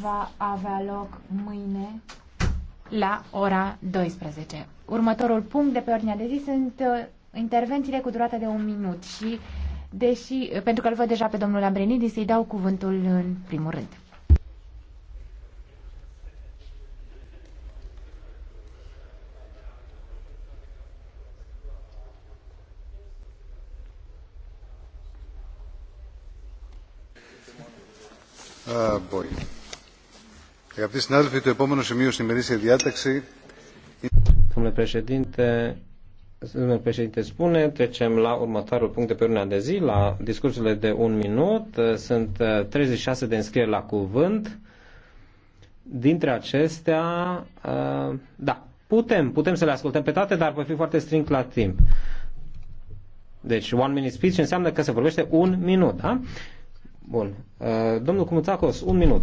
va avea loc mâine la ora 12. Următorul punct de pe ordinea de zi sunt uh, intervențiile cu durată de un minut și, deși, uh, pentru că îl văd deja pe domnul Lambrinidis, să-i dau cuvântul în primul rând. Uh, ah, boy spune, trecem la următorul punct de pe ordinea de zi, la discursurile de un minut. Sunt 36 uh, de înscrieri la cuvânt. Dintre acestea, uh, da, putem, putem să le ascultăm pe toate, dar voi fi foarte strict la timp. Deci, one minute speech înseamnă că se vorbește un minut, da? Bun. Uh, domnul Cumuțacos, un minut.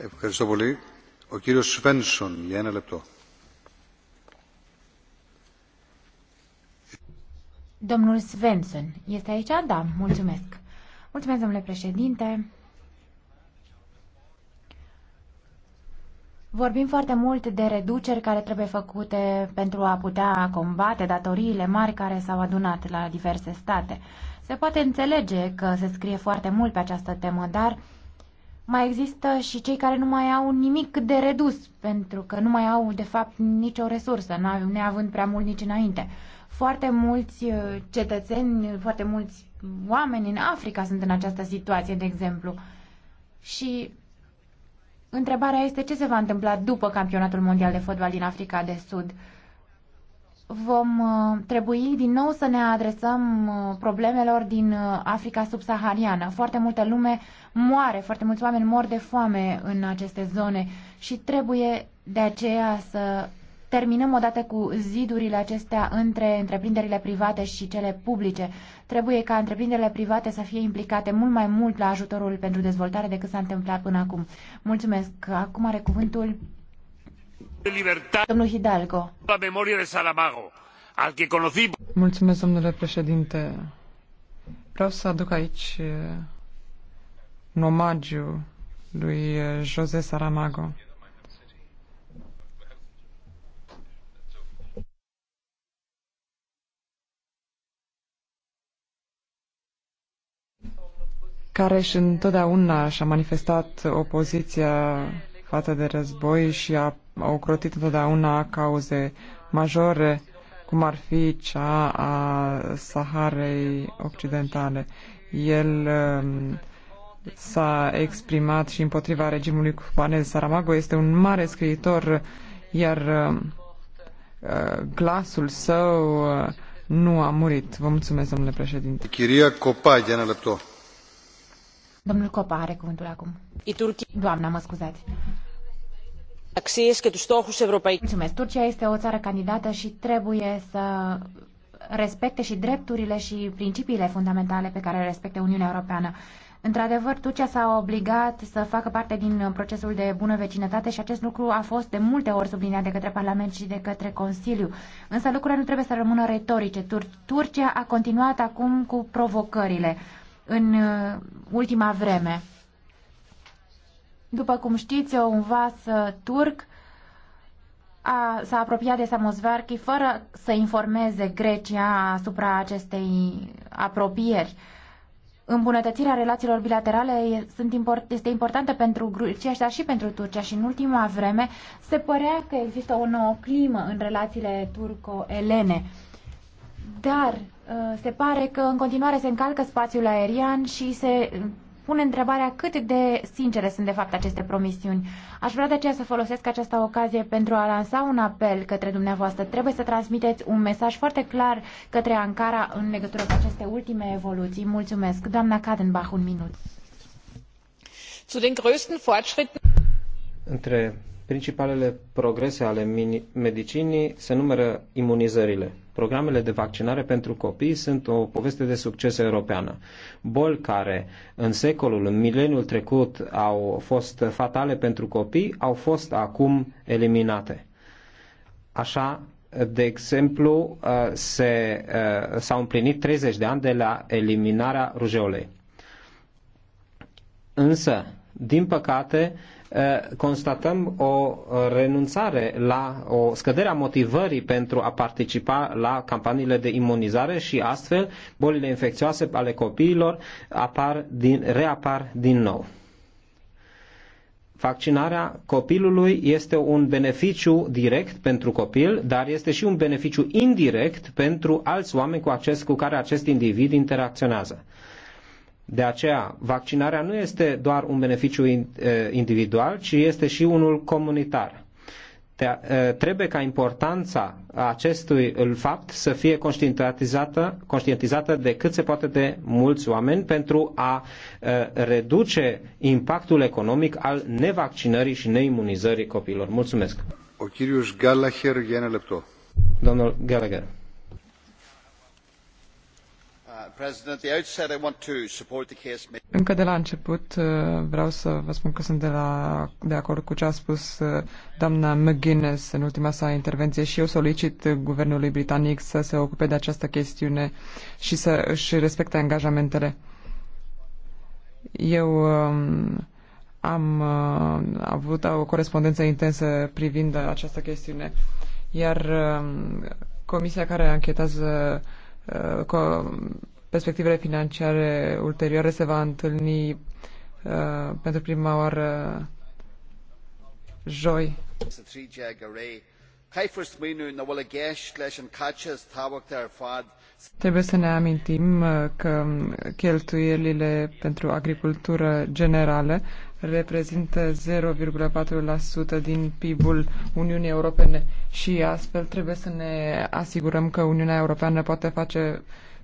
Da, domnule Vorbim foarte mult de reduceri care trebuie făcute pentru a putea combate datoriile mari care s-au adunat la diverse state. Se poate înțelege că se scrie foarte mult pe această temă, dar mai există și cei care nu mai au nimic de redus, pentru că nu mai au, de fapt, nicio resursă, neavând prea mult nici înainte. Foarte mulți uh, cetățeni, foarte mulți oameni în Africa sunt în această situație, de exemplu. Și întrebarea este ce se va întâmpla după campionatul mondial de fotbal din Africa de Sud. Uh, vom uh, trebui din nou să ne adresăm uh, problemelor din uh, Africa subsahariană. Foarte multă lume moare, foarte mulți oameni mor de foame în aceste zone și trebuie de aceea să terminăm odată cu zidurile acestea între întreprinderile private și cele publice. Trebuie ca întreprinderile private să fie implicate mult mai mult la ajutorul pentru dezvoltare decât s-a întâmplat până acum. Mulțumesc. Acum are cuvântul de libertate. Domnul Hidalgo. La memoria de Saramago, al que conocí... Mulțumesc, domnule președinte. Vreau să aduc aici eh, un omagiu lui eh, José Saramago. care și întotdeauna și-a manifestat opoziția față de război și a ocrotit întotdeauna cauze majore, cum ar fi cea a Saharei Occidentale. El um, s-a exprimat și împotriva regimului cubanez. Saramago este un mare scriitor, iar um, uh, glasul său uh, nu a murit. Vă mulțumesc, domnule președinte. Chiria Copa, Domnul Copa are cuvântul acum. Doamna, mă scuzați. Mulțumesc. Turcia este o țară candidată și trebuie să respecte și drepturile și principiile fundamentale pe care le respecte Uniunea Europeană. Într-adevăr, Turcia s-a obligat să facă parte din procesul de bună vecinătate și acest lucru a fost de multe ori subliniat de către Parlament și de către Consiliu. Însă lucrurile nu trebuie să rămână retorice. Tur- Turcia a continuat acum cu provocările în uh, ultima vreme. După cum știți, un vas uh, turc a, s-a apropiat de Samozvarchi fără să informeze Grecia asupra acestei apropieri. Îmbunătățirea relațiilor bilaterale este importantă pentru Grecia, dar și pentru Turcia și în ultima vreme se părea că există o nouă climă în relațiile turco-elene. Dar uh, se pare că în continuare se încalcă spațiul aerian și se pune întrebarea cât de sincere sunt de fapt aceste promisiuni. Aș vrea de aceea să folosesc această ocazie pentru a lansa un apel către dumneavoastră. Trebuie să transmiteți un mesaj foarte clar către Ankara în legătură cu aceste ultime evoluții. Mulțumesc. Doamna Kadenbach, un minut. Zu den größten Fortschritten între Principalele progrese ale medicinii se numără imunizările. Programele de vaccinare pentru copii sunt o poveste de succes europeană. Boli care în secolul, în mileniul trecut au fost fatale pentru copii, au fost acum eliminate. Așa, de exemplu, uh, se, uh, s-au împlinit 30 de ani de la eliminarea rujeolei. Însă, din păcate, Eh, constatăm o eh, renunțare la o scădere a motivării pentru a participa la campaniile de imunizare și astfel bolile infecțioase ale copiilor apar din, reapar din nou. Vaccinarea copilului este un beneficiu direct pentru copil, dar este și un beneficiu indirect pentru alți oameni cu, acest, cu care acest individ interacționează. De aceea, vaccinarea nu este doar un beneficiu eh, individual, ci este și unul comunitar. Eh, trebuie ca importanța acestui fapt să fie conștientizată, conștientizată de cât se poate de mulți oameni pentru a eh, reduce impactul economic al nevaccinării și neimunizării copiilor. Mulțumesc! O Gallagher, Domnul Gallagher. Încă de la început uh, vreau să vă spun că sunt de, la, de acord cu ce a spus uh, doamna McGuinness în ultima sa intervenție și eu solicit guvernului britanic să se ocupe de această chestiune și să își respecte angajamentele. Eu um, am uh, avut o corespondență intensă privind această chestiune, iar um, comisia care anchetează perspectivele financiare ulterioare se va întâlni uh, pentru prima oară joi. Trebuie să ne amintim uh, că um, cheltuielile pentru agricultură generală reprezintă 0,4% din PIB-ul Uniunii Europene și astfel trebuie să ne asigurăm că Uniunea Europeană poate face uh,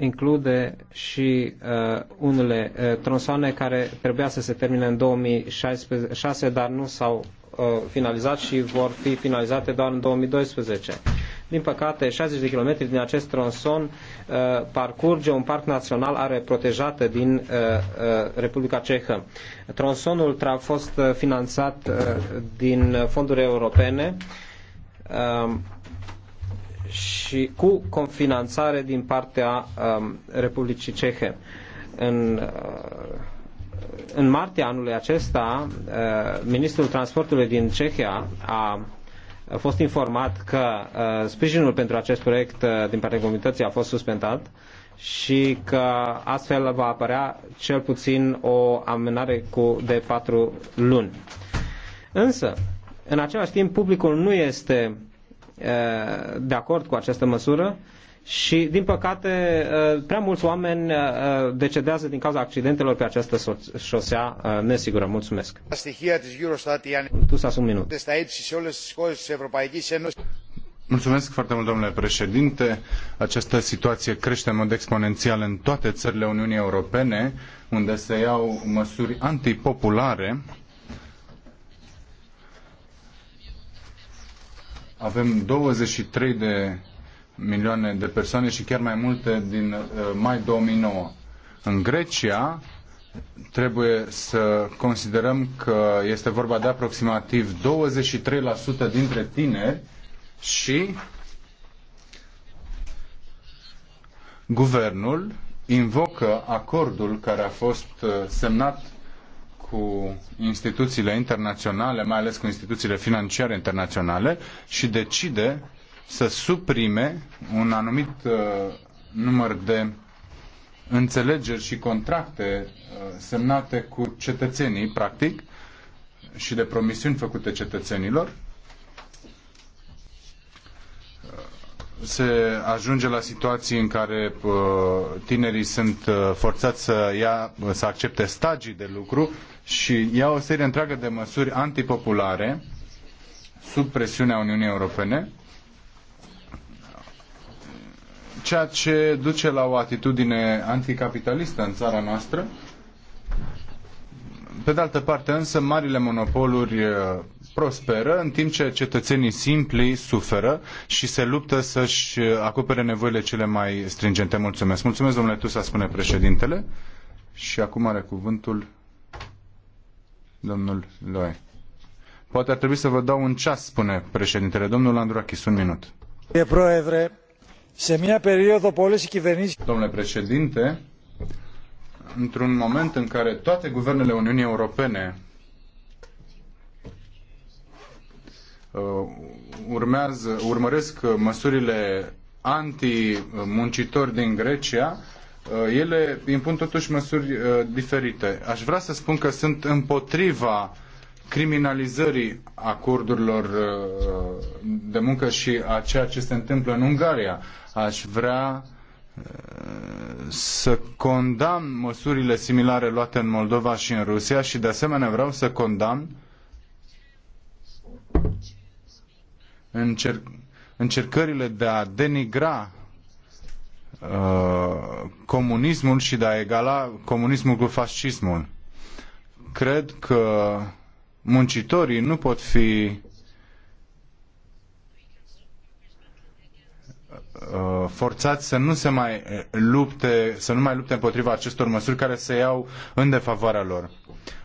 include și uh, unele uh, tronsoane care trebuia să se termine în 2016, dar nu s-au uh, finalizat și vor fi finalizate doar în 2012. Din păcate, 60 de kilometri din acest tronson uh, parcurge un parc național are protejată din uh, uh, Republica Cehă. Tronsonul a fost uh, finanțat uh, din uh, fonduri europene. Uh, și cu confinanțare din partea um, Republicii Cehe. În, uh, în martie anului acesta, uh, ministrul transportului din Cehia a fost informat că uh, sprijinul pentru acest proiect din partea comunității a fost suspendat și că astfel va apărea cel puțin o amânare cu de patru luni. Însă, în același timp, publicul nu este Uh, de acord cu această măsură și, din păcate, uh, prea mulți oameni uh, decedează din cauza accidentelor pe această șosea nesigură. Mulțumesc. Tu un minut. Mulțumesc foarte mult, domnule președinte. Această situație crește în mod exponențial în toate țările Uniunii Europene, unde se iau măsuri antipopulare Avem 23 de milioane de persoane și chiar mai multe din uh, mai 2009. În Grecia trebuie să considerăm că este vorba de aproximativ 23% dintre tineri și guvernul invocă acordul care a fost uh, semnat cu instituțiile internaționale, mai ales cu instituțiile financiare internaționale și decide să suprime un anumit uh, număr de înțelegeri și contracte uh, semnate cu cetățenii, practic, și de promisiuni făcute cetățenilor se ajunge la situații în care uh, tinerii sunt uh, forțați să, ia, să accepte stagii de lucru și ia o serie întreagă de măsuri antipopulare sub presiunea Uniunii Europene, ceea ce duce la o atitudine anticapitalistă în țara noastră. Pe de altă parte, însă, marile monopoluri uh, prosperă, în timp ce cetățenii simpli suferă și se luptă să-și acopere nevoile cele mai stringente. Mulțumesc. Mulțumesc, domnule Tusa, spune președintele. Și acum are cuvântul domnul Loe. Poate ar trebui să vă dau un ceas, spune președintele. Domnul Andurachis, un minut. Domnule președinte, într-un moment în care toate guvernele Uniunii Europene Uh, urmează, urmăresc măsurile anti-muncitori din Grecia, uh, ele impun totuși măsuri uh, diferite. Aș vrea să spun că sunt împotriva criminalizării acordurilor de muncă și a ceea ce se întâmplă în Ungaria. Aș vrea să condamn măsurile similare luate în Moldova și în Rusia și de asemenea vreau să condamn încer- încercările de a denigra uh, comunismul și de a egala comunismul cu fascismul. Cred că muncitorii nu pot fi uh, forțați să nu se mai lupte, să nu mai lupte împotriva acestor măsuri care se iau în defavoarea lor.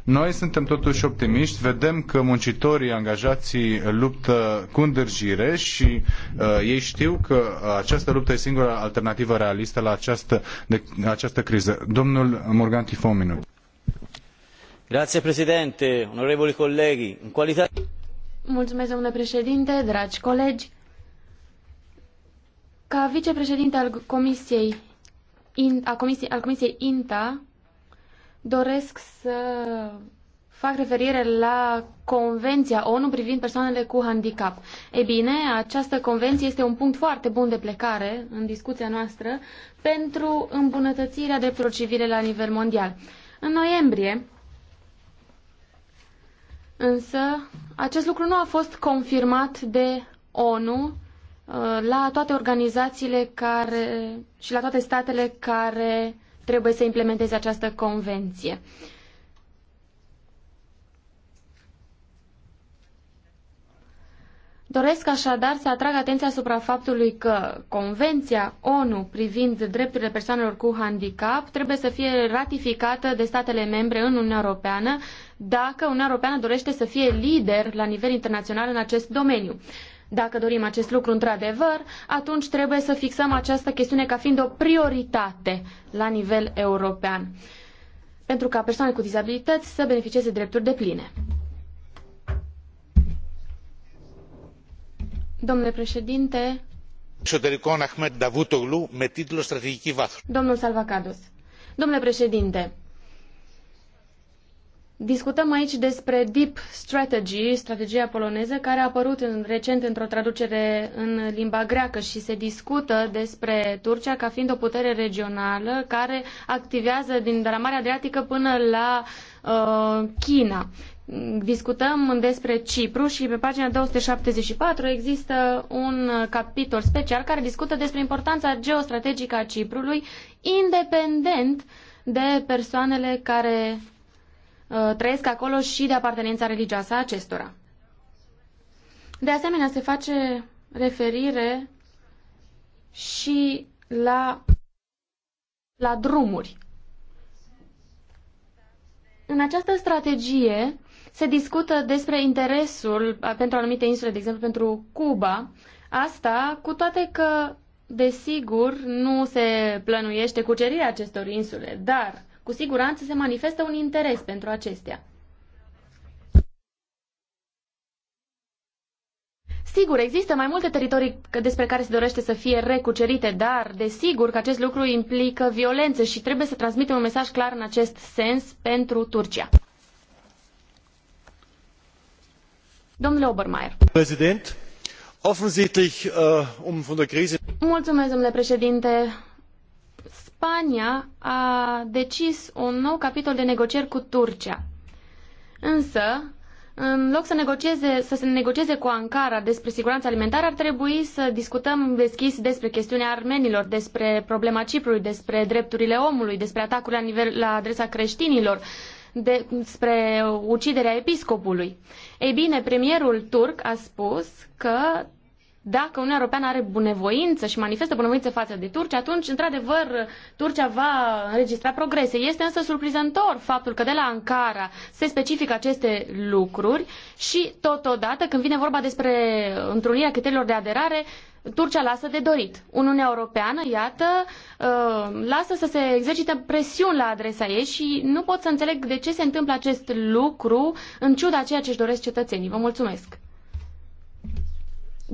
Noi suntem totuși optimiști, vedem că muncitorii angajații luptă cu îndârjire și uh, ei știu că această luptă e singura alternativă realistă la această, de, această criză. Domnul Morgan Tifominu. Grazie, președinte, onorevoli colegi, în calitate... Mulțumesc, domnule președinte, dragi colegi. Ca vicepreședinte al Comisiei, a comisiei, al comisiei INTA, doresc să fac referire la Convenția ONU privind persoanele cu handicap. Ei bine, această convenție este un punct foarte bun de plecare în discuția noastră pentru îmbunătățirea drepturilor civile la nivel mondial. În noiembrie, însă, acest lucru nu a fost confirmat de ONU uh, la toate organizațiile care și la toate statele care trebuie să implementeze această convenție. Doresc așadar să atrag atenția asupra faptului că Convenția ONU privind drepturile persoanelor cu handicap trebuie să fie ratificată de statele membre în Uniunea Europeană dacă Uniunea Europeană dorește să fie lider la nivel internațional în acest domeniu. Dacă dorim acest lucru într-adevăr, atunci trebuie să fixăm această chestiune ca fiind o prioritate la nivel european, pentru ca persoane cu dizabilități să beneficieze drepturi de pline. Domnule președinte, Domnul Salvacados. Domnule președinte, Discutăm aici despre Deep Strategy, strategia poloneză, care a apărut în, recent într-o traducere în limba greacă și se discută despre Turcia ca fiind o putere regională care activează din, de la Marea Adriatică până la uh, China. Discutăm despre Cipru și pe pagina 274 există un capitol special care discută despre importanța geostrategică a Ciprului, independent de persoanele care Uh, trăiesc acolo și de apartenența religioasă a acestora. De asemenea, se face referire și la, la drumuri. În această strategie se discută despre interesul uh, pentru anumite insule, de exemplu pentru Cuba, asta cu toate că, desigur, nu se plănuiește cucerirea acestor insule, dar uh, cu siguranță se manifestă un interes pentru acestea. Sigur, există mai multe teritorii despre care se dorește să fie recucerite, dar desigur că acest lucru implică violență și trebuie să transmitem un mesaj clar în acest sens pentru Turcia. Domnule Obermeier. offensichtlich, uh, um von der Krise... Mulțumesc, domnule președinte. Spania a decis un nou capitol de negocieri cu Turcia. Însă, în loc să, negocieze, să se negocieze cu Ankara despre siguranța alimentară, ar trebui să discutăm deschis despre chestiunea armenilor, despre problema Ciprului, despre drepturile omului, despre atacurile la, nivel, la adresa creștinilor, despre uciderea episcopului. Ei bine, premierul turc a spus că dacă Uniunea Europeană are bunăvoință și manifestă bunăvoință față de Turcia, atunci, într-adevăr, Turcia va înregistra progrese. Este însă surprizător faptul că de la Ankara se specifică aceste lucruri și, totodată, când vine vorba despre întrunirea criteriilor de aderare, Turcia lasă de dorit. Uniunea Europeană, iată, uh, lasă să se exercite presiuni la adresa ei și nu pot să înțeleg de ce se întâmplă acest lucru în ciuda ceea ce își doresc cetățenii. Vă mulțumesc!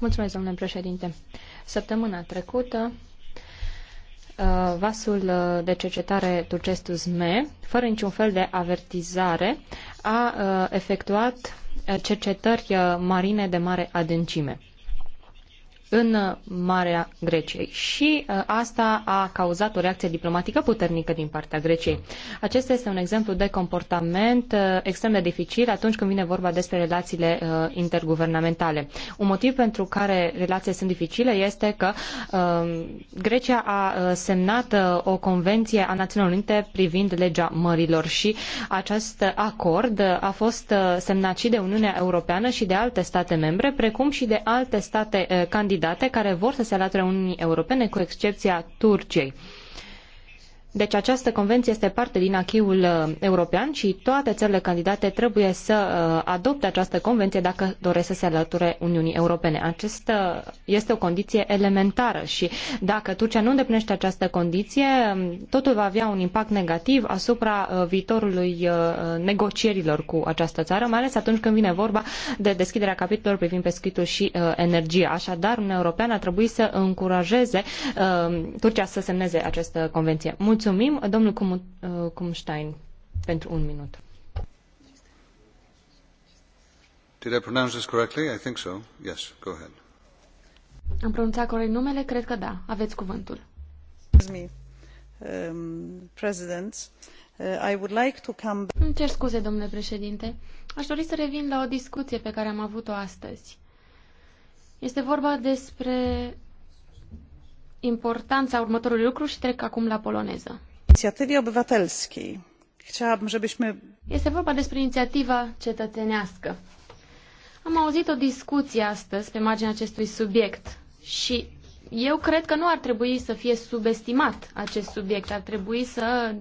Mulțumesc, domnule președinte. Săptămâna trecută, uh, vasul uh, de cercetare turcesc ZME, fără niciun fel de avertizare, a uh, efectuat cercetări marine de mare adâncime în uh, Marea Greciei și uh, asta a cauzat o reacție diplomatică puternică din partea Greciei. Acesta este un exemplu de comportament uh, extrem de dificil atunci când vine vorba despre relațiile interguvernamentale. Un motiv pentru care relațiile sunt dificile este că Grecia a semnat o convenție a Națiunilor Unite privind legea mărilor și acest acord a fost semnat și de Uniunea Europeană și de alte state membre, precum și de alte state candidate candidate care vor să se alăture Uniunii Europene, cu excepția Turciei. Deci această convenție este parte din achiul uh, european și toate țările candidate trebuie să uh, adopte această convenție dacă doresc să se alăture Uniunii Europene. Aceasta uh, este o condiție elementară și dacă Turcia nu îndeplinește această condiție, um, totul va avea un impact negativ asupra viitorului negocierilor cu această țară, mai ales atunci când vine vorba de deschiderea capitolului privind pescuitul și energia. Așadar, Uniunea Europeană ar trebui să încurajeze Turcia să semneze această convenție. Mulțumesc Mulțumim, domnul uh, Cumstein, pentru un minut. Did I pronounce this correctly? I think so. Yes, go ahead. Am pronunțat corect numele? Cred că da. Aveți cuvântul. Excuse me, um, President. Uh, I would like to come back... Îmi cer scuze, domnule președinte. Aș dori să revin la o discuție pe care am avut-o astăzi. Este vorba despre importanța următorului lucru și trec acum la poloneză. Inițiativii obywatelskiej. Chciałabym, żebyśmy... Este vorba despre inițiativa cetățenească. Am auzit o discuție astăzi pe marginea acestui subiect și eu cred că nu ar trebui să fie subestimat acest subiect. Ar trebui să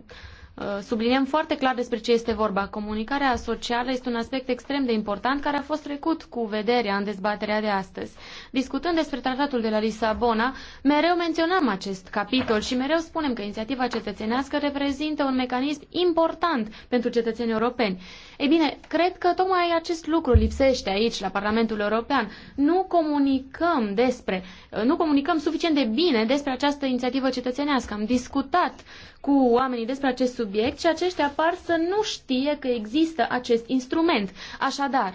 Uh, subliniem foarte clar despre ce este vorba. Comunicarea socială este un aspect extrem de important care a fost trecut cu vederea în dezbaterea de astăzi. Discutând despre tratatul de la Lisabona, mereu menționam acest capitol și mereu spunem că inițiativa cetățenească reprezintă un mecanism important pentru cetățenii europeni. Ei bine, cred că tocmai acest lucru lipsește aici, la Parlamentul European. Nu comunicăm despre, uh, nu comunicăm suficient de bine despre această inițiativă cetățenească. Am discutat cu oamenii despre acest subiect subiect și aceștia par să nu știe că există acest instrument. Așadar,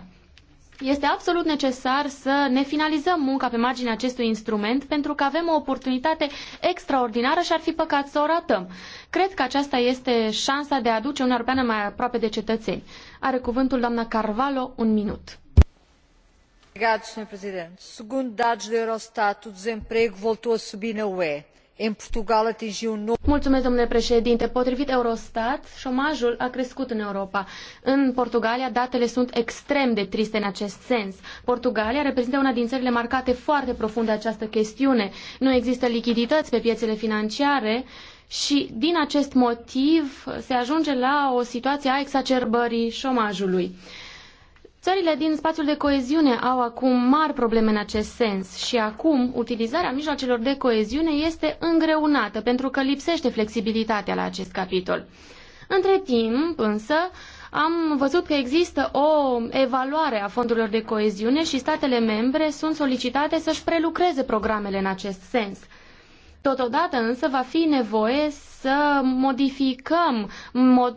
este absolut necesar să ne finalizăm munca pe marginea acestui instrument pentru că avem o oportunitate extraordinară și ar fi păcat să o ratăm. Cred că aceasta este șansa de a aduce un Europeană mai aproape de cetățeni. Are cuvântul doamna Carvalho un minut. Obrigado, Sr. Presidente. Segundo dados do Eurostat, o desemprego voltou a subir na UE Um Mulțumesc, domnule președinte. Potrivit Eurostat, șomajul a crescut în Europa. În Portugalia, datele sunt extrem de triste în acest sens. Portugalia reprezintă una din țările marcate foarte profund de această chestiune. Nu există lichidități pe piețele financiare și din acest motiv se ajunge la o situație a exacerbării șomajului. Țările din spațiul de coeziune au acum mari probleme în acest sens și acum utilizarea mijloacelor de coeziune este îngreunată pentru că lipsește flexibilitatea la acest capitol. Între timp, însă, am văzut că există o evaluare a fondurilor de coeziune și statele membre sunt solicitate să-și prelucreze programele în acest sens. Totodată însă va fi nevoie să modificăm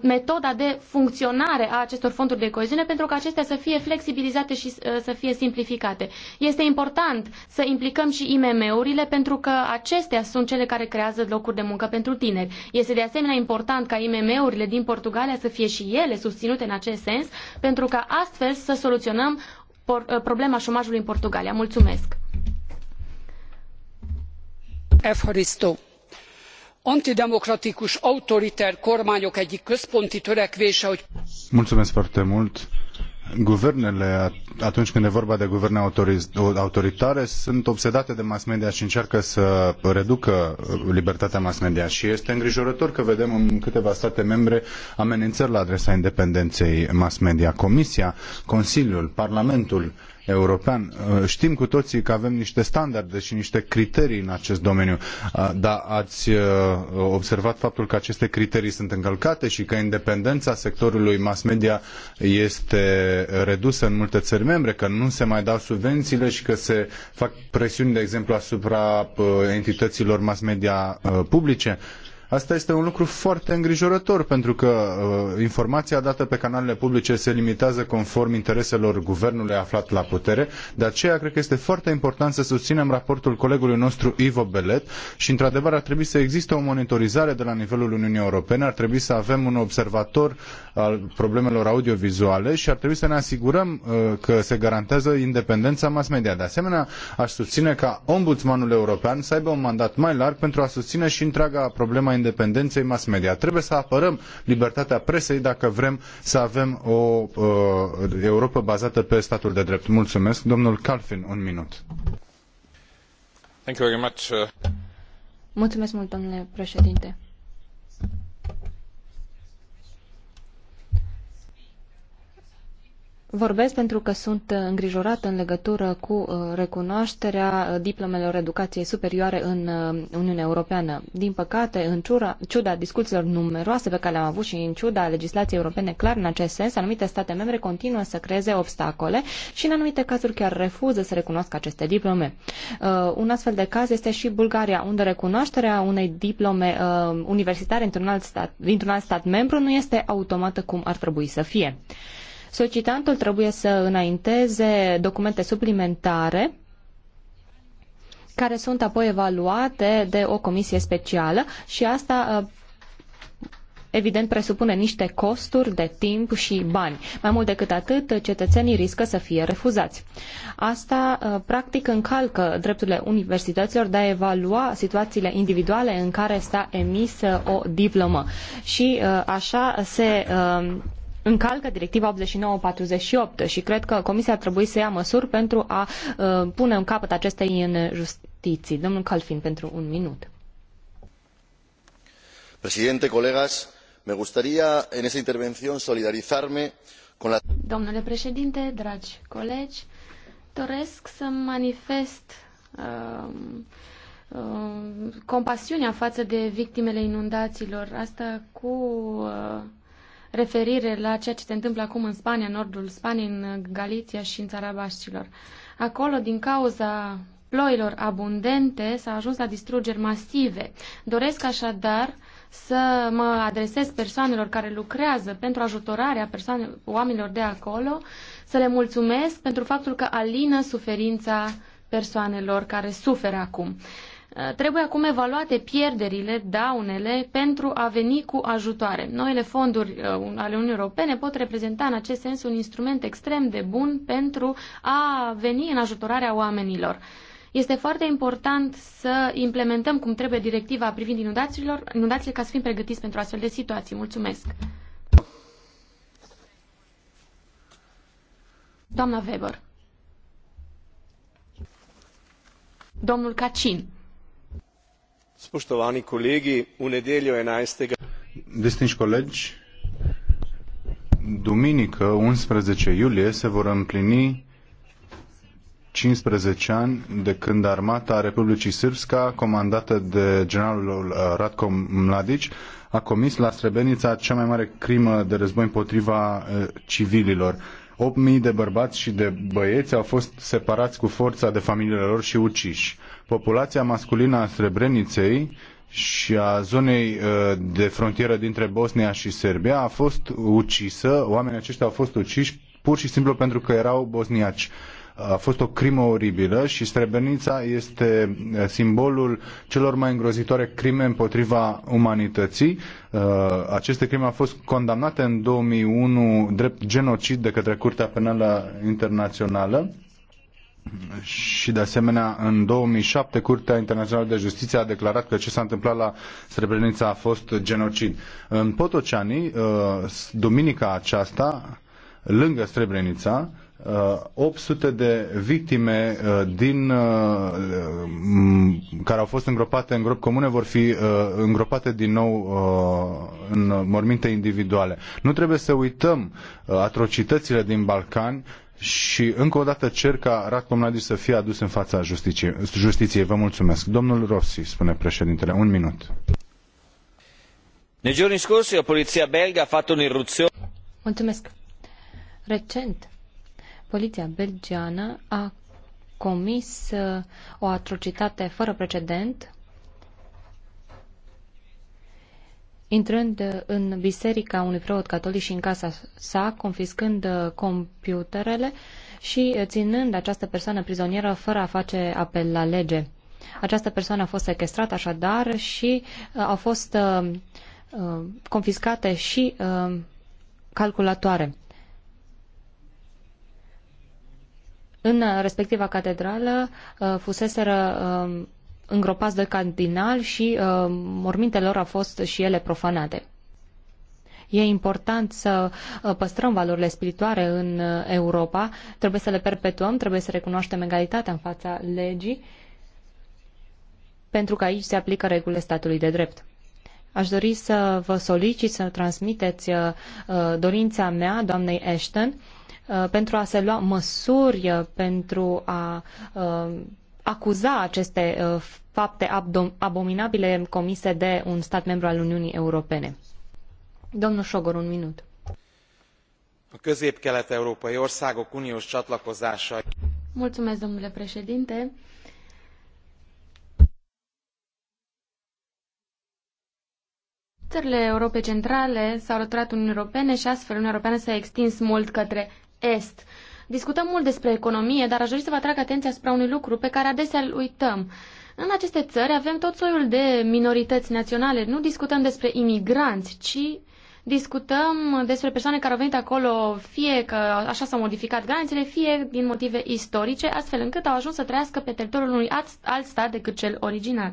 metoda de funcționare a acestor fonduri de coeziune pentru ca acestea să fie flexibilizate și uh, să fie simplificate. Este important să implicăm și IMM-urile pentru că acestea sunt cele care creează locuri de muncă pentru tineri. Este de asemenea important ca IMM-urile din Portugalia să fie și ele susținute în acest sens pentru ca astfel să soluționăm uh, problema șomajului în Portugalia. Mulțumesc! antidemokratikus autoriter kormányok egyik központi törekvése hogy. guvernele atunci când e vorba de guverne autoritare sunt obsedate de mass media și încearcă să reducă libertatea mass media și este îngrijorător că vedem în câteva state membre amenințări la adresa independenței mass media. Comisia, Consiliul, Parlamentul european. Uh, știm cu toții că avem niște standarde și niște criterii în acest domeniu, uh, dar ați uh, observat faptul că aceste criterii sunt încălcate și că independența sectorului mass media este redusă în multe țări membre, că nu se mai dau subvențiile și că se fac presiuni, de exemplu, asupra entităților mass media publice. Asta este un lucru foarte îngrijorător pentru că uh, informația dată pe canalele publice se limitează conform intereselor guvernului aflat la putere. De aceea cred că este foarte important să susținem raportul colegului nostru Ivo Belet și într-adevăr ar trebui să existe o monitorizare de la nivelul Uniunii Europene, ar trebui să avem un observator al problemelor audiovizuale și ar trebui să ne asigurăm uh, că se garantează independența mass media. De asemenea, aș susține ca ombudsmanul european să aibă un mandat mai larg pentru a susține și întreaga problema independenței mass media. Trebuie să apărăm libertatea presei dacă vrem să avem o uh, Europa bazată pe statul de drept. Mulțumesc. Domnul Calfin, un minut. Thank you very much. Uh. Mulțumesc mult, domnule președinte. Vorbesc pentru că sunt îngrijorată în legătură cu uh, recunoașterea uh, diplomelor educației superioare în uh, Uniunea Europeană. Din păcate, în ciura, ciuda discuțiilor numeroase pe care le-am avut și în ciuda legislației europene clar în acest sens, anumite state membre continuă să creeze obstacole și în anumite cazuri chiar refuză să recunoască aceste diplome. Un astfel de caz este și Bulgaria, unde recunoașterea unei diplome universitare dintr-un alt stat, dintr-un alt stat membru nu este automată cum ar trebui să fie. Solicitantul trebuie să înainteze documente suplimentare care sunt apoi evaluate de o comisie specială și asta uh, evident presupune niște costuri de timp și bani. Mai mult decât atât, cetățenii riscă să fie refuzați. Asta uh, practic încalcă drepturile universităților de a evalua situațiile individuale în care s-a emis uh, o diplomă. Și așa se încalcă directiva 89-48 și cred că Comisia ar trebui să ia măsuri pentru a uh, pune în capăt acestei injustiții. Domnul Calfin, pentru un minut. Presidente, colegas, me gustaría en esta intervención solidarizarme con la... Domnule președinte, dragi colegi, doresc să manifest uh, uh, compasiunea față de victimele inundațiilor, asta cu uh, referire la ceea ce se întâmplă acum în Spania, în nordul Spaniei, în Galicia și în țara Bașcilor. Acolo, din cauza ploilor abundente, s-a ajuns la distrugeri masive. Doresc așadar să mă adresez persoanelor care lucrează pentru ajutorarea persoane, oamenilor de acolo, să le mulțumesc pentru faptul că alină suferința persoanelor care suferă acum. Eh, trebuie acum evaluate pierderile, daunele, pentru a veni cu ajutoare. Noile fonduri eh, ale Uniunii Europene pot reprezenta în acest sens un instrument extrem de bun pentru a veni în ajutorarea oamenilor. Este foarte important să implementăm cum trebuie directiva privind inundațiilor, inundațiile ca să fim pregătiți pentru astfel de situații. Mulțumesc! Doamna Weber. Domnul Cacin. Spoštovani kolegi, v nedeljo 11. Distinși colegi, duminică 11 iulie se vor împlini 15 ani de când armata Republicii Sârbska, comandată de generalul uh, Ratko Mladic, a comis la Srebrenica cea mai mare crimă de război împotriva uh, civililor. 8.000 de bărbați și de băieți au fost separați cu forța de familiile lor și uciși. Populația masculină a Srebreniței și a zonei uh, de frontieră dintre Bosnia și Serbia a fost ucisă, oamenii aceștia au fost uciși pur și simplu pentru că erau bosniaci. A fost o crimă oribilă și Srebrenica este simbolul celor mai îngrozitoare crime împotriva umanității. Aceste crime au fost condamnate în 2001 drept genocid de către Curtea Penală Internațională. Și de asemenea, în 2007, Curtea Internațională de Justiție a declarat că ce s-a întâmplat la Srebrenica a fost genocid. În Potocani, duminica aceasta, lângă Srebrenica, 800 uh, de victime uh, din, uh, care au fost îngropate în gropi comune vor fi îngropate din nou în morminte individuale. Nu trebuie să uităm atrocitățile din Balcani și încă o dată cer ca Ratko Mladic să fie adus în fața justiției. justiției. Vă mulțumesc. Domnul Rossi, spune președintele. Un minut. Nei giorni scorsi o polizia belga a fatto un'irruzione. Mulțumesc. Recent, poliția belgiană a comis uh, o atrocitate fără precedent intrând uh, în biserica unui preot catolic și în casa sa, confiscând uh, computerele și ținând această persoană prizonieră fără a face apel la lege. Această persoană a fost sequestrată așadar și au fost confiscate și calculatoare. În respectiva catedrală uh, fuseseră uh, îngropați de cardinal și uh, mormintele lor au fost și ele profanate. E important să păstrăm valorile spirituale în Europa, trebuie să le perpetuăm, trebuie să recunoaștem egalitatea în fața legii, pentru că aici se aplică regulile statului de drept. Aș dori să vă solicit să transmiteți dorința mea, doamnei Ashton, Uh, pentru a se lua măsuri uh, pentru a uh, acuza aceste fapte abominabile comise de un stat membru al Uniunii Europene. Domnul Sogor, un minut. A közép-kelet-európai országok uniós csatlakozása. Mulțumesc, domnule președinte. Țările Europei Centrale s-au alăturat Uniunii Europene și astfel Uniunea Europeană s-a extins mult către Est. Discutăm mult despre economie, dar aș dori să vă atrag atenția asupra unui lucru pe care adesea îl uităm. În aceste țări avem tot soiul de minorități naționale. Nu discutăm despre imigranți, ci discutăm despre persoane care au venit acolo fie că așa s-au modificat granițele, fie din motive istorice, astfel încât au ajuns să trăiască pe teritoriul unui alt, alt stat decât cel original.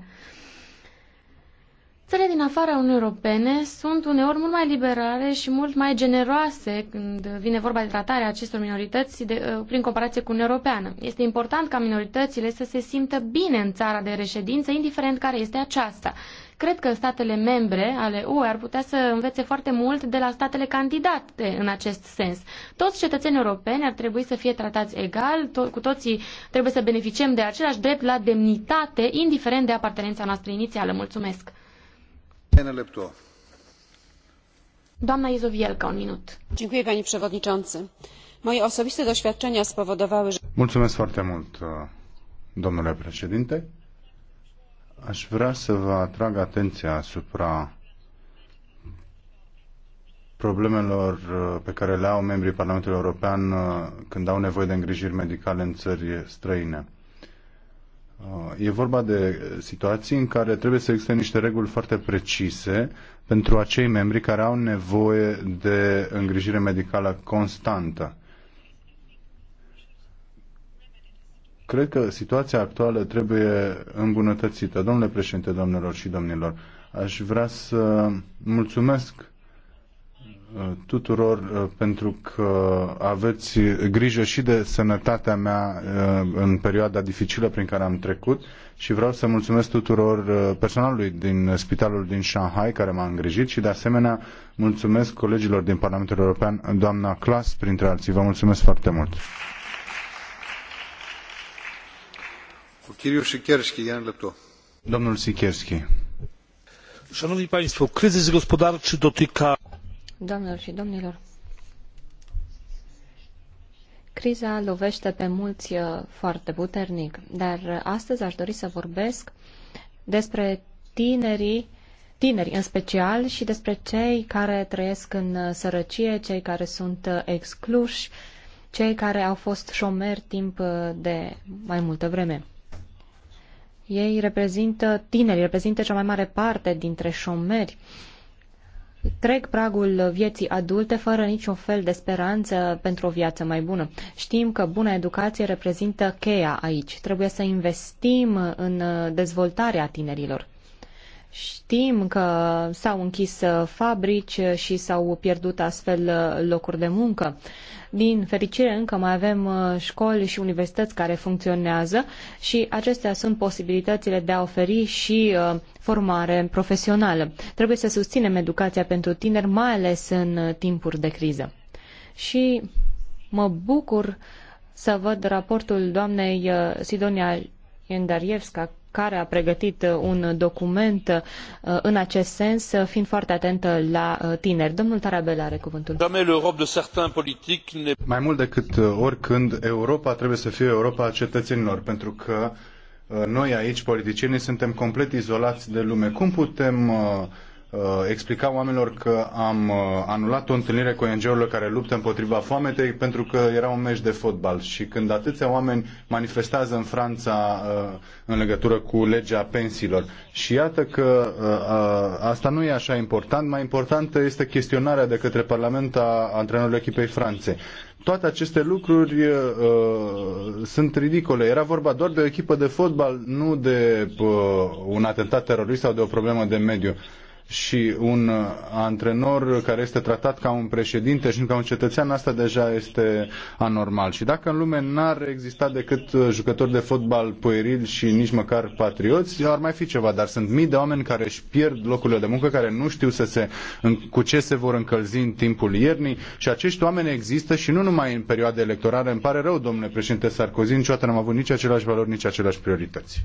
Țările din afara Uniunii Europene sunt uneori mult mai liberale și mult mai generoase când vine vorba de tratarea acestor minorități de, uh, prin comparație cu Uniunea Europeană. Este important ca minoritățile să se simtă bine în țara de reședință, indiferent care este aceasta. Cred că statele membre ale UE ar putea să învețe foarte mult de la statele candidate în acest sens. Toți cetățenii europeni ar trebui să fie tratați egal, to- cu toții trebuie să beneficiem de același drept la demnitate, indiferent de apartenența noastră inițială. Mulțumesc! Doamna Izowielka, Moje osobiste doświadczenia spowodowały, że... Mulțumesc foarte mult, domnule președinte. Aș vrea să vă atrag atenția asupra problemelor uh, pe care le au membrii Parlamentului European uh, când au nevoie de îngrijiri medicale în țări străine. E vorba de situații în care trebuie să existe niște reguli foarte precise pentru acei membri care au nevoie de îngrijire medicală constantă. Cred că situația actuală trebuie îmbunătățită. Domnule președinte, domnilor și domnilor, aș vrea să mulțumesc Uh, tuturor uh, pentru că aveți grijă și de sănătatea mea uh, în perioada dificilă prin care am trecut și vreau să mulțumesc tuturor personalului din spitalul din Shanghai care m-a îngrijit și de asemenea mulțumesc colegilor din Parlamentul European, doamna Clas printre alții. Vă mulțumesc foarte mult. Domnul Sikierski. Szanowni Państwo, kryzys gospodarczy dotyka Doamnelor și domnilor, criza lovește pe mulți uh, foarte puternic, dar astăzi aș dori să vorbesc despre tinerii tineri în special și despre cei care trăiesc în uh, sărăcie, cei care sunt uh, excluși, cei care au fost șomeri timp de mai multă vreme. Ei reprezintă, tineri reprezintă cea mai mare parte dintre șomeri trec pragul vieții adulte fără niciun fel de speranță pentru o viață mai bună. Știm că buna educație reprezintă cheia aici. Trebuie să investim în dezvoltarea tinerilor. Știm că s-au închis fabrici și s-au pierdut astfel locuri de muncă. Din fericire, încă mai avem uh, școli și universități care funcționează și acestea sunt posibilitățile de a oferi și uh, formare profesională. Trebuie să susținem educația pentru tineri, mai ales în uh, timpuri de criză. Și mă bucur să văd raportul doamnei Sidonia Iendarievska, care a pregătit uh, un document uh, în acest sens, uh, fiind foarte atentă la tineri. Domnul Tarabella are cuvântul. Mai mult decât oricând, Europa trebuie să fie Europa a cetățenilor, pentru că noi aici, politicienii, suntem complet izolați de lume. Cum putem uh, Uh, explica oamenilor că am uh, anulat o întâlnire cu ONG-urile care luptă împotriva foametei pentru că era un meci de fotbal și când atâția oameni manifestează în Franța uh, în legătură cu legea pensiilor. Și iată că asta nu e așa important, mai importantă este chestionarea de către Parlament a antrenorului echipei Franței. Toate aceste lucruri uh, sunt ridicole. Era vorba doar de o echipă de fotbal, nu de uh, un atentat terorist sau de o problemă de mediu. Uh, și un uh, antrenor care este tratat ca un președinte și nu ca un cetățean, asta deja este anormal. Și dacă în lume n-ar exista decât uh, jucători de fotbal pueril și nici măcar patrioți, ar mai fi ceva, dar sunt mii de oameni care își pierd locurile de muncă, care nu știu să se, cu ce se vor încălzi în timpul iernii și acești oameni există și nu numai în perioade electorale. Îmi pare rău, domnule președinte Sarkozy, niciodată n-am avut nici aceleași valori, nici aceleași priorități.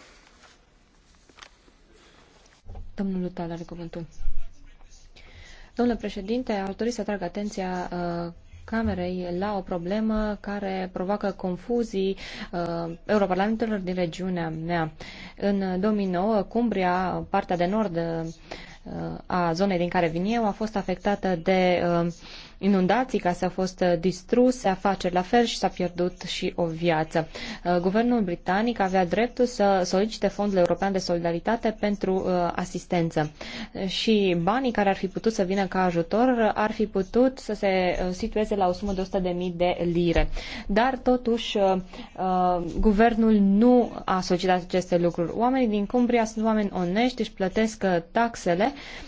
Domnul Lutal are cuvântul. Domnule președinte, aș dori să atrag atenția uh, Camerei la o problemă care provoacă confuzii uh, europarlamentelor din regiunea mea. În 2009, Cumbria, partea de nord uh, a zonei din care vin eu, a fost afectată de uh, inundații, casa a fost uh, distruse, afaceri la fel și s-a pierdut și o viață. Uh, guvernul britanic avea dreptul să solicite Fondul European de Solidaritate pentru uh, asistență și banii care ar fi putut să vină ca ajutor ar fi putut să se situeze la o sumă de 100.000 de lire. Dar totuși guvernul nu a solicitat aceste lucruri. Oamenii din Cumbria sunt oameni onești, își plătesc taxele uh,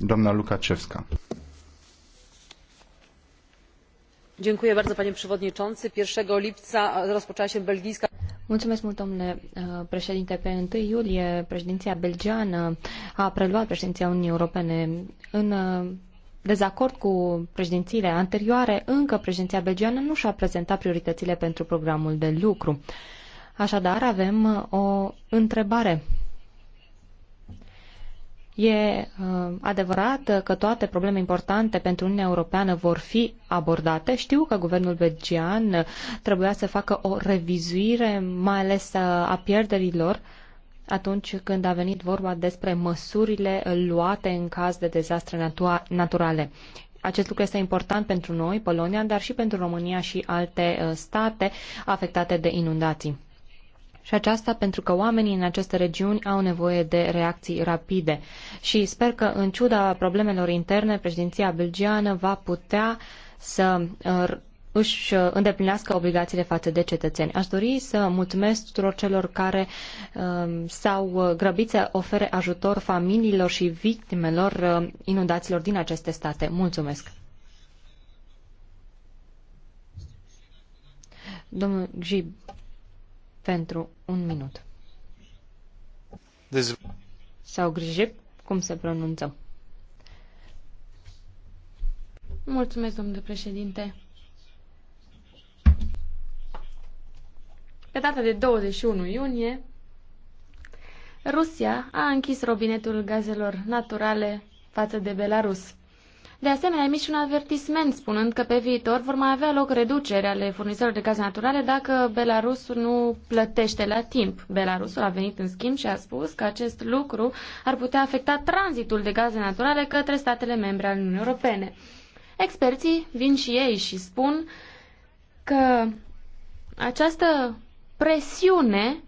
Doamna Lukacevska. Dziękuję bardzo, panie przewodniczący. 1 lipca rozpoczęła się belgijska. Mulțumesc mult, domnule uh, președinte. Pe 1 iulie, președinția belgiană a preluat președinția Uniunii Europene în uh, dezacord cu președințiile anterioare, încă președinția belgiană nu și-a prezentat prioritățile pentru programul de lucru. Așadar, avem uh, o întrebare E uh, adevărat că toate problemele importante pentru Uniunea Europeană vor fi abordate. Știu că guvernul belgian trebuia să facă o revizuire, mai ales uh, a pierderilor, atunci când a venit vorba despre măsurile luate în caz de dezastre naturale. Acest lucru este important pentru noi, Polonia, dar și pentru România și alte uh, state afectate de inundații. Și aceasta pentru că oamenii în aceste regiuni au nevoie de reacții rapide. Și sper că, în ciuda problemelor interne, președinția belgiană va putea să uh, își uh, îndeplinească obligațiile față de cetățeni. Aș dori să mulțumesc tuturor celor care uh, s-au uh, grăbit să ofere ajutor familiilor și victimelor inundațiilor din aceste state. Mulțumesc! Domnul Gib pentru un minut. Dezv- Sau grijip, cum se pronunță. Mulțumesc, domnule președinte. Pe data de 21 iunie, Rusia a închis robinetul gazelor naturale față de Belarus. De asemenea, a emis și un avertisment spunând că pe viitor vor mai avea loc reduceri ale furnizorilor de gaze naturale dacă Belarusul nu plătește la timp. Belarusul a venit în schimb și a spus că acest lucru ar putea afecta tranzitul de gaze naturale către statele membre ale Uniunii Europene. Experții vin și ei și spun că această presiune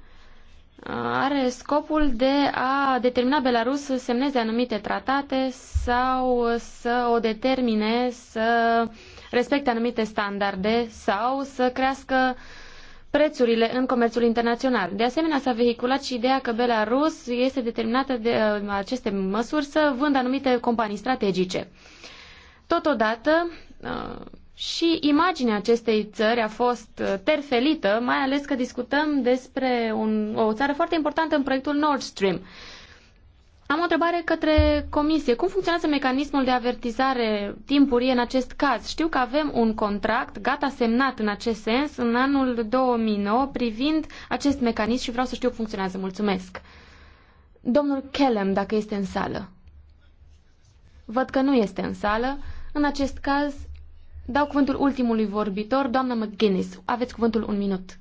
are scopul de a determina Belarus să semneze anumite tratate sau să o determine să respecte anumite standarde sau să crească prețurile în comerțul internațional. De asemenea, s-a vehiculat și ideea că Belarus este determinată de uh, aceste măsuri să vândă anumite companii strategice. Totodată, uh, și imaginea acestei țări a fost uh, terfelită, mai ales că discutăm despre un, o țară foarte importantă în proiectul Nord Stream. Am o întrebare către Comisie. Cum funcționează mecanismul de avertizare timpurie în acest caz? Știu că avem un contract gata semnat în acest sens în anul 2009 privind acest mecanism și vreau să știu cum funcționează. Mulțumesc. Domnul Kellem, dacă este în sală. Văd că nu este în sală. În acest caz, Dau cuvântul ultimului vorbitor, doamna McGuinness. Aveți cuvântul un minut.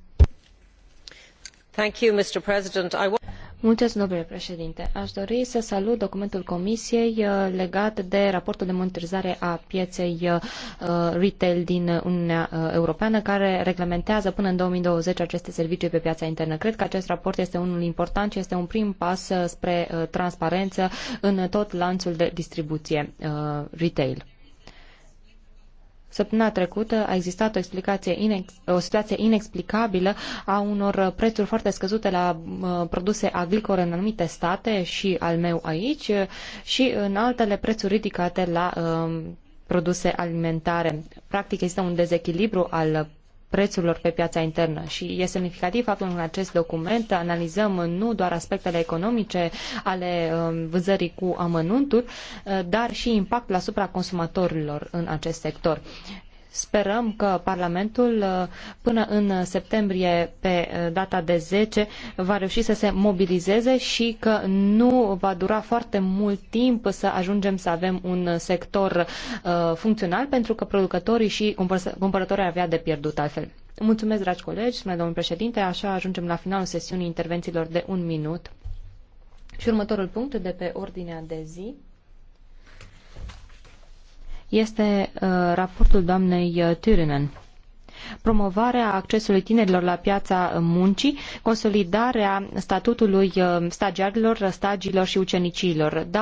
Thank you, Mr. President. I... Mulțumesc, domnule președinte. Aș dori să salut documentul Comisiei uh, legat de raportul de monitorizare a pieței uh, uh, retail din Uniunea Europeană, care reglementează până în 2020 aceste servicii pe piața internă. Cred că acest raport este unul important și este un prim pas spre transparență în tot lanțul de distribuție retail. Săptămâna trecută a existat o, explicație inex, o situație inexplicabilă a unor prețuri foarte scăzute la uh, produse agricole în anumite state și al meu aici și în altele prețuri ridicate la uh, produse alimentare. Practic există un dezechilibru al prețurilor pe piața internă și e semnificativ faptul că în acest document analizăm nu doar aspectele economice ale um, vânzării cu amănuntul, uh, dar și impactul asupra consumatorilor în acest sector. Sperăm că Parlamentul uh, până în septembrie, pe uh, data de 10, va reuși să se mobilizeze și că nu va dura foarte mult timp să ajungem să avem un sector uh, funcțional, pentru că producătorii și cumpărătorii ar avea de pierdut altfel. Mulțumesc, dragi colegi, spune domnul președinte, așa ajungem la finalul sesiunii intervențiilor de un minut. Și următorul punct de pe ordinea de zi este uh, raportul doamnei uh, Tyrinen promovarea accesului tinerilor la piața muncii, consolidarea statutului uh, stagiarilor, stagiilor și ucenicilor. Da,